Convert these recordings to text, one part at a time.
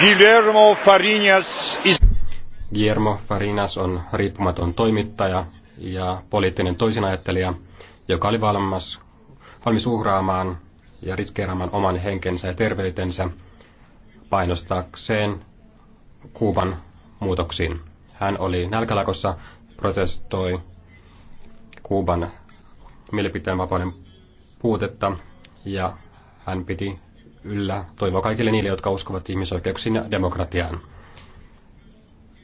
Guillermo Farinas is... Guillermo Farinas on riippumaton toimittaja ja poliittinen toisinajattelija, joka oli valmis, valmis uhraamaan ja riskeeraamaan oman henkensä ja terveytensä painostaakseen Kuuban muutoksiin. Hän oli nälkälakossa, protestoi Kuuban mielipiteen vapauden puutetta ja hän piti yllä toivoa kaikille niille, jotka uskovat ihmisoikeuksiin ja demokratiaan.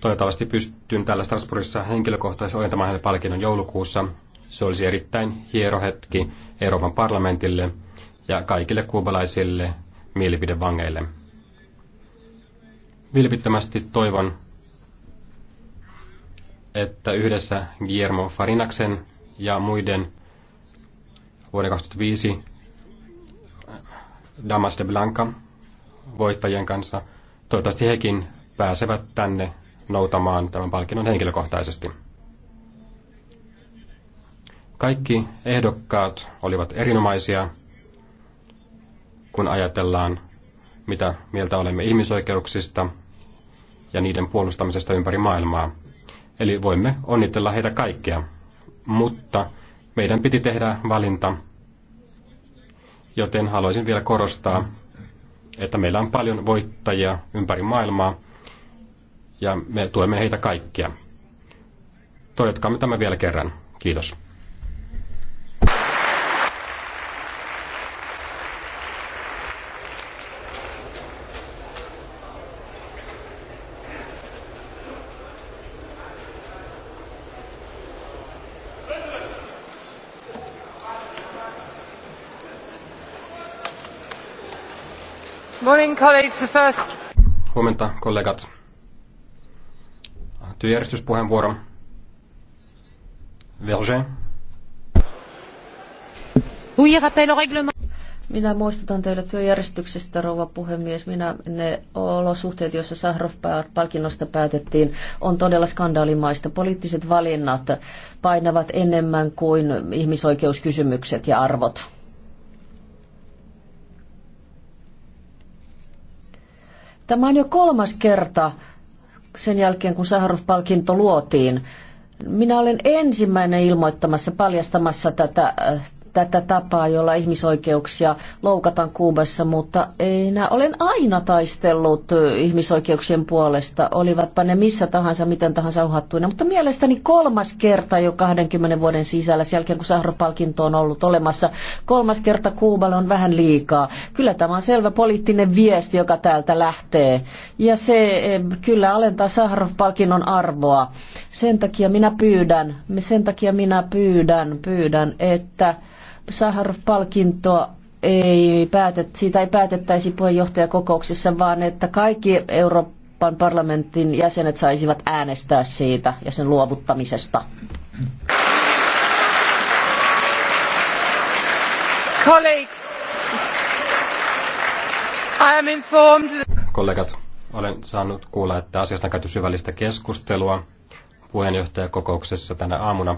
Toivottavasti pystyn täällä Strasbourgissa henkilökohtaisesti ojentamaan hänelle palkinnon joulukuussa. Se olisi erittäin hiero hetki Euroopan parlamentille ja kaikille kuubalaisille mielipidevangeille. Vilpittömästi toivon, että yhdessä Guillermo Farinaksen ja muiden vuoden 2005 Damas de Blanca voittajien kanssa. Toivottavasti hekin pääsevät tänne noutamaan tämän palkinnon henkilökohtaisesti. Kaikki ehdokkaat olivat erinomaisia, kun ajatellaan, mitä mieltä olemme ihmisoikeuksista ja niiden puolustamisesta ympäri maailmaa. Eli voimme onnitella heitä kaikkia, mutta meidän piti tehdä valinta joten haluaisin vielä korostaa, että meillä on paljon voittajia ympäri maailmaa ja me tuemme heitä kaikkia. Toivotkaamme tämä vielä kerran. Kiitos. Morning, colleagues. First. Huomenta, kollegat. Työjärjestyspuheenvuoro. Verge. Oui, rappel au règlement. Minä muistutan teille työjärjestyksestä, rouva puhemies. Minä, ne olosuhteet, joissa Sahrov-palkinnosta päätettiin, on todella skandaalimaista. Poliittiset valinnat painavat enemmän kuin ihmisoikeuskysymykset ja arvot. Tämä on jo kolmas kerta sen jälkeen, kun Saharov-palkinto luotiin. Minä olen ensimmäinen ilmoittamassa, paljastamassa tätä äh, tätä tapaa, jolla ihmisoikeuksia loukataan Kuubassa, mutta enää olen aina taistellut ihmisoikeuksien puolesta, olivatpa ne missä tahansa, miten tahansa uhattuina. Mutta mielestäni kolmas kerta jo 20 vuoden sisällä, sen jälkeen kun Sahropalkinto on ollut olemassa, kolmas kerta Kuuballe on vähän liikaa. Kyllä tämä on selvä poliittinen viesti, joka täältä lähtee. Ja se eh, kyllä alentaa Sahropalkinnon arvoa. Sen takia minä pyydän, sen takia minä pyydän, pyydän, että Saharov-palkintoa ei päätet, siitä ei päätettäisi puheenjohtajakokouksissa, vaan että kaikki Euroopan parlamentin jäsenet saisivat äänestää siitä ja sen luovuttamisesta. Colleagues, I am informed... Kollegat, olen saanut kuulla, että asiasta on käyty syvällistä keskustelua puheenjohtajakokouksessa tänä aamuna.